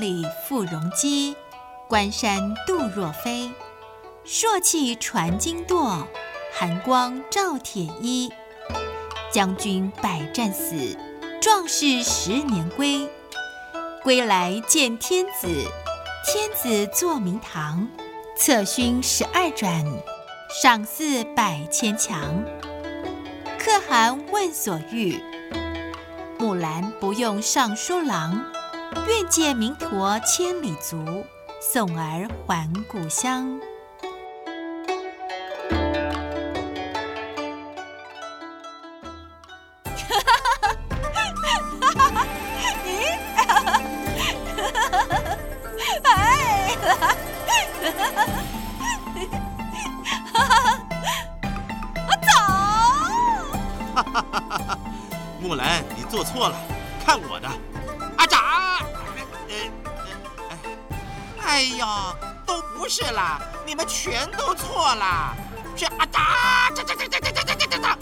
萬里赴戎機，關山度若飛。朔氣傳金柝，寒光照鐵衣。將軍百戰死，壯士十年歸。歸來見天子，天子坐明堂。策勳十二轉，賞賜百千強。可汗問所欲，木蘭不用尚書郎。願借明駝千里足，送兒還故鄉。哈哈哈哈！哈哈哈哈！哎、啊！哈哈哈哈！哈、啊、哈！我、啊啊、走！哈哈哈哈！木蘭，你做錯了，看我的！哎呦，都不是啦，你們全都錯啦。是啊，啊，噠噠噠噠噠噠噠噠，扎，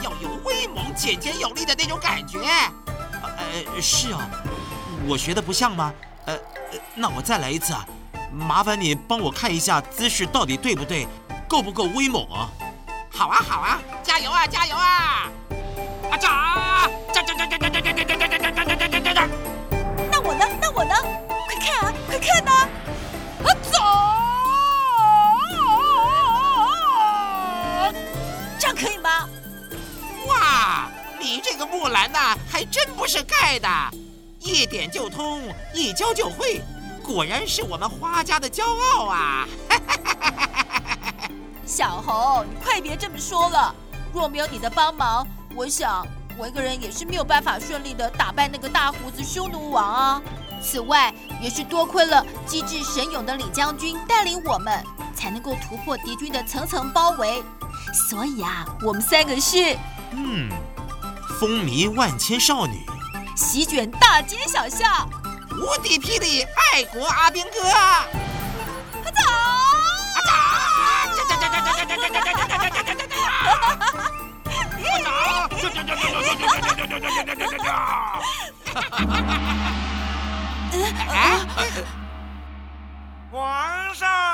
要有威猛、簡潔有力的那種感覺。呃，是哦、啊，我學的不像嗎？呃，那我再來一次啊，麻煩你幫我看一下姿勢到底對不對，夠不夠威猛啊？好啊，好啊，加油啊，加油啊！啊，扎、啊。教教會，果然是我們花家的驕傲啊！ 小猴，你快別這麼說了。若沒有你的幫忙，我想我一個人也是沒有辦法順利的打敗那個大鬍子匈奴王啊。此外，也是多虧了機智神勇的李將軍帶領我們，才能夠突破敵軍的層層包圍。所以啊，我們三個是嗯，風靡萬千少女，席捲大街小巷。無敵霹靂愛國阿兵哥，打、啊，打、啊，打，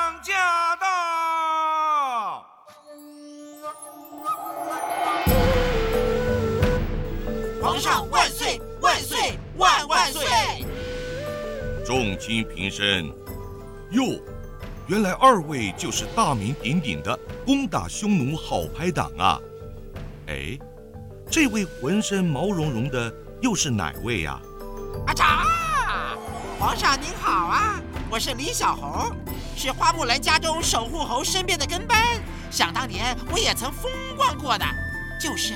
眾卿平身。喲，原來二位就是大名鼎鼎的攻打匈奴好拍檔啊！哎，這位渾身毛茸茸的又是哪位啊？阿長，啊，皇上您好啊！我是李小猴，是花木蘭家中守護侯身邊的跟班。想當年我也曾風光過的，就是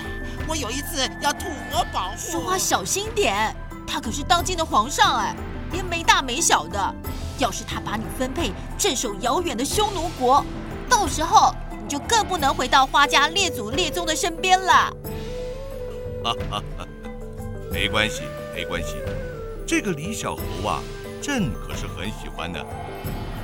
我有一次要吐火保護，說話小心點，他可是當今的皇上哎。也沒大沒小的，要是他把你分配鎮守遙遠的匈奴國，到時候你就更不能回到花家列祖列宗的身邊了。哈哈哈，沒關係，沒關係，這個李小猴啊，朕可是很喜歡的。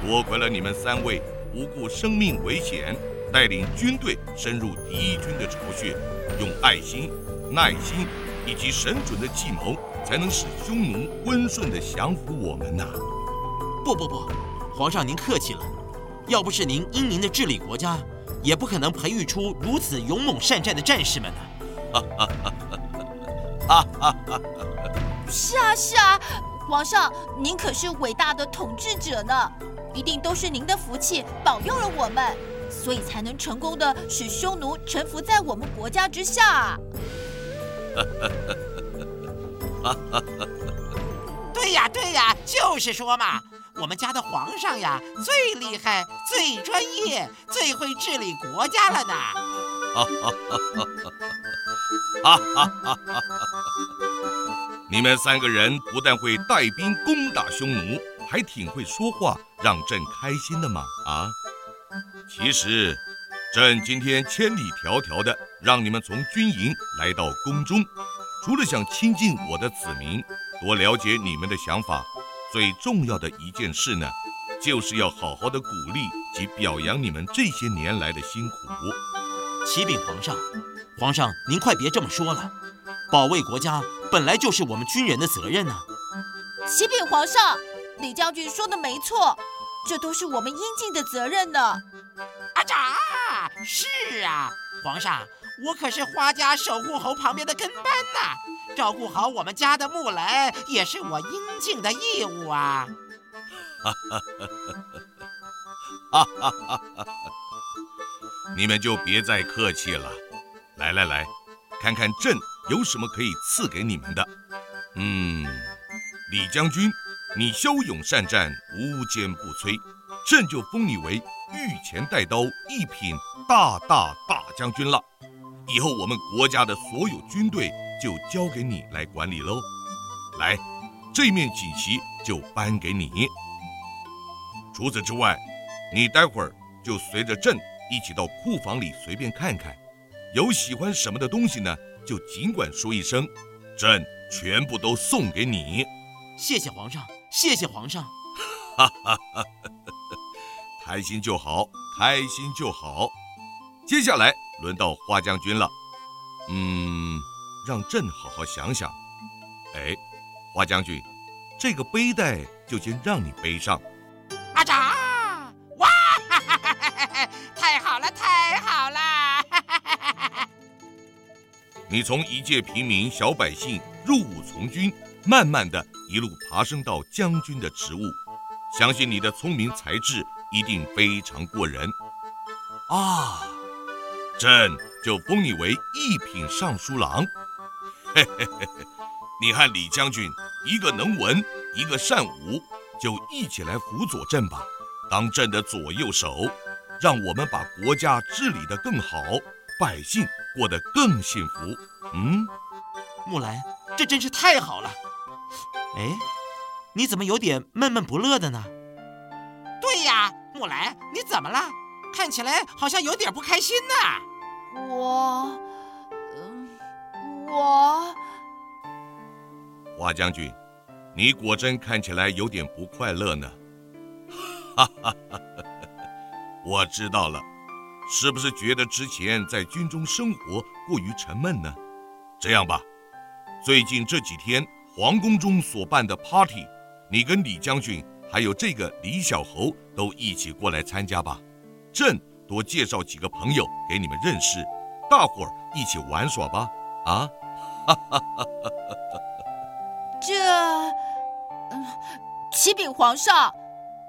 多虧了你們三位，不顧生命危險，帶領軍隊深入敵軍的巢穴，用愛心、耐心以及神準的計謀。才能使匈奴溫順地降服我們吶、啊！不不不，皇上您客氣了。要不是您英明的治理國家，也不可能培育出如此勇猛善戰的戰士們呢、啊。 是啊是啊，皇上您可是偉大的統治者呢，一定都是您的福氣保佑了我們，所以才能成功的使匈奴臣服在我們國家之下、啊 對呀對呀，就是說嘛，我們家的皇上呀，最厲害、最專業、最會治理國家了呢。 你們三個人不但會帶兵攻打匈奴，還挺會說話，讓朕開心的嘛。啊？其實，朕今天千里迢迢的讓你們從軍營來到宮中。除了想親近我的子民，多了解你們的想法，最重要的一件事呢，就是要好好的鼓勵及表揚你們這些年來的辛苦。啟禀皇上，皇上您快別這麼說了，保衛國家本來就是我們軍人的責任呢、啊。啟禀皇上，李將軍說的沒錯，這都是我們應盡的責任呢、啊。阿扎、啊，是啊，皇上。我可是花家守護侯旁邊的跟班吶、啊，照顧好我們家的木蘭也是我應盡的義務啊！哈哈哈哈哈！哈哈哈哈哈！你們就別再客氣了，來來來，看看朕有什麼可以賜給你們的。嗯，李將軍，你驍勇善戰，無堅不摧，朕就封你為御前帶刀一品大大大將軍了。以後我們國家的所有軍隊就交給你來管理嘍，來，這面錦旗就頒給你。除此之外，你待會兒就隨着朕一起到庫房裡隨便看看，有喜歡什麼的東西呢，就盡管說一聲，朕全部都送給你。謝謝皇上，謝謝皇上。哈哈哈哈哈哈，開心就好，開心就好。接下來。輪到花將軍了，嗯，讓朕好好想想。哎，花將軍，這個背帶就先讓你背上。阿長，哇哈哈，太好了，太好了！哈哈，你從一介平民小百姓入伍從軍，慢慢的一路爬升到將軍的職務，相信你的聰明才智一定非常過人啊。朕就封你為一品尚書郎。嘿嘿嘿嘿，你和李將軍一個能文，一個善武，就一起來輔佐朕吧，當朕的左右手，讓我們把國家治理得更好，百姓過得更幸福。嗯，木蘭，這真是太好了。哎，你怎麼有點悶悶不樂的呢？對呀，木蘭，你怎麼了？看起來好像有點不開心呢。我，嗯、呃，我。花將軍，你果真看起來有點不快樂呢？哈哈哈哈哈！我知道了，是不是覺得之前在軍中生活過於沉悶呢？這樣吧，最近這幾天皇宮中所辦的 party，你跟李將軍還有這個李小侯都一起過來參加吧，朕。多介紹幾個朋友給你們認識，大夥兒一起玩耍吧。啊， 這、嗯，啟稟皇上，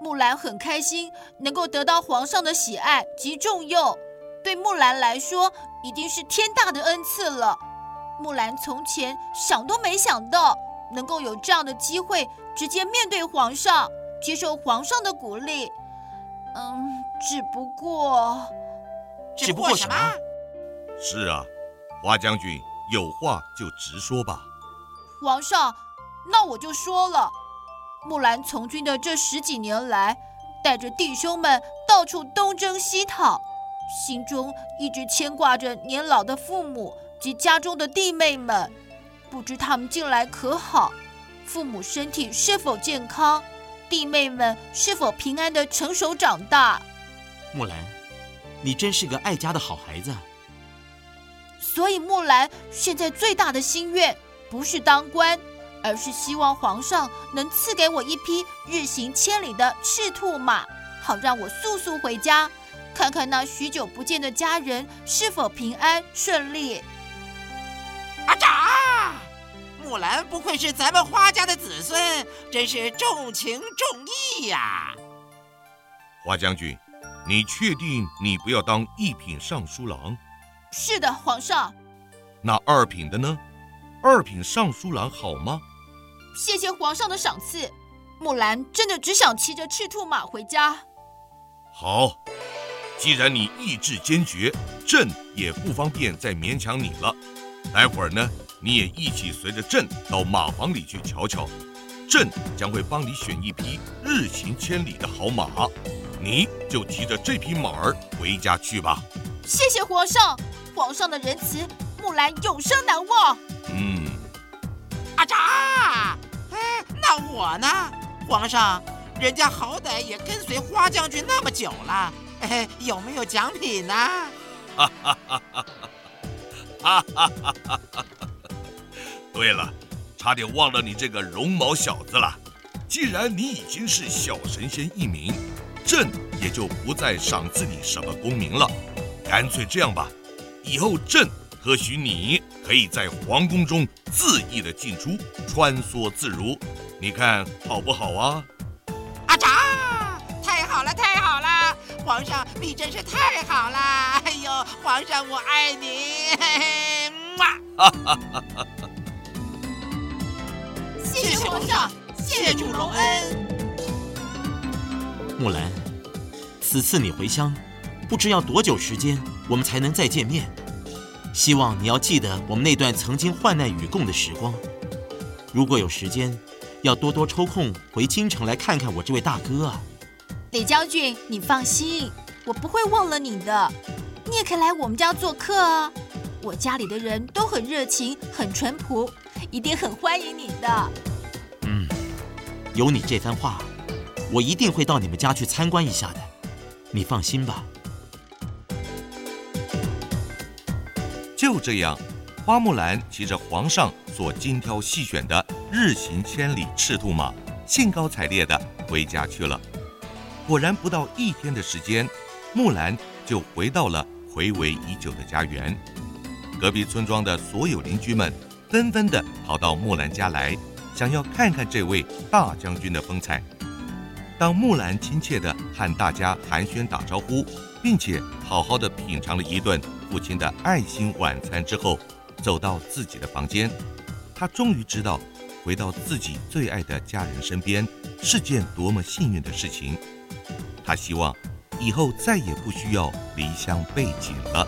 木蘭很開心能夠得到皇上的喜愛及重用，對木蘭來說已經是天大的恩賜了。木蘭從前想都沒想到能夠有這樣的機會直接面對皇上，接受皇上的鼓勵。嗯。只不過，只不過什麼？是啊，花將軍，有話就直說吧。皇上，那我就說了。木蘭從軍的這十幾年來，帶着弟兄們到處東征西討，心中一直牽掛着年老的父母及家中的弟妹們。不知他們近來可好？父母身體是否健康？弟妹們是否平安的成熟長大？木蘭，你真是個愛家的好孩子。所以木蘭現在最大的心願不是當官，而是希望皇上能賜給我一匹日行千里的赤兔馬，好讓我速速回家，看看那許久不見的家人是否平安順利。阿扎、啊，木蘭不愧是咱們花家的子孫，真是重情重義呀、啊。花將軍。你確定你不要當一品尚書郎？是的，皇上。那二品的呢？二品尚書郎好嗎？謝謝皇上的賞賜。木蘭真的只想騎着赤兔馬回家。好，既然你意志堅決，朕也不方便再勉強你了。待會兒呢，你也一起隨着朕到馬房裡去瞧瞧。朕將會幫你選一匹日行千里的好馬。你就騎着這匹馬兒回家去吧。謝謝皇上，皇上的仁慈，木蘭永生難忘。嗯，阿扎、啊，哎，那我呢？皇上，人家好歹也跟隨花將軍那麼久了，嘿，有沒有獎品呢？哈哈哈哈哈哈！哈哈哈哈哈哈！對了，差點忘了你這個絨毛小子了。既然你已經是小神仙一名。朕也就不再賞賜你什麼功名了，乾脆這樣吧，以後朕和許你可以在皇宮中恣意的進出，穿梭自如，你看好不好啊？阿長、啊，太好了，太好了，皇上，你真是太好了！哎呦，皇上，我愛你！嘿哈哈哈哈！ 謝謝皇上，謝主隆恩。木蘭，此次你回鄉，不知要多久時間我們才能再見面。希望你要記得我們那段曾經患難與共的時光。如果有時間，要多多抽空回京城來看看我這位大哥啊。李將軍，你放心，我不會忘了你的。你也可以來我們家做客啊，我家裡的人都很熱情，很淳樸，一定很歡迎你的。嗯，有你這番話。我一定會到你們家去參觀一下的，你放心吧。就這樣，花木蘭騎着皇上所精挑細選的日行千里赤兔馬，興高采烈地回家去了。果然，不到一天的時間，木蘭就回到了睽違已久的家園。隔壁村莊的所有鄰居們紛紛的跑到木蘭家來，想要看看這位大將軍的風采。當木蘭親切地和大家寒暄打招呼，並且好好的品嘗了一頓父親的愛心晚餐之後，走到自己的房間，他終於知道，回到自己最愛的家人身邊是件多麼幸運的事情。他希望以後再也不需要離鄉背井了。